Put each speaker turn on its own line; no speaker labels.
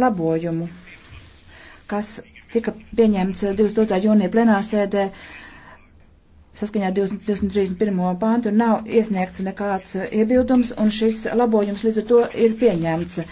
labojumu, kas tika pieņemts 22. jūnija plenārsēdē saskaņā 231. pāntu nav iesniegts nekāds iebildums, un šis labojums līdz ar to ir pieņemts.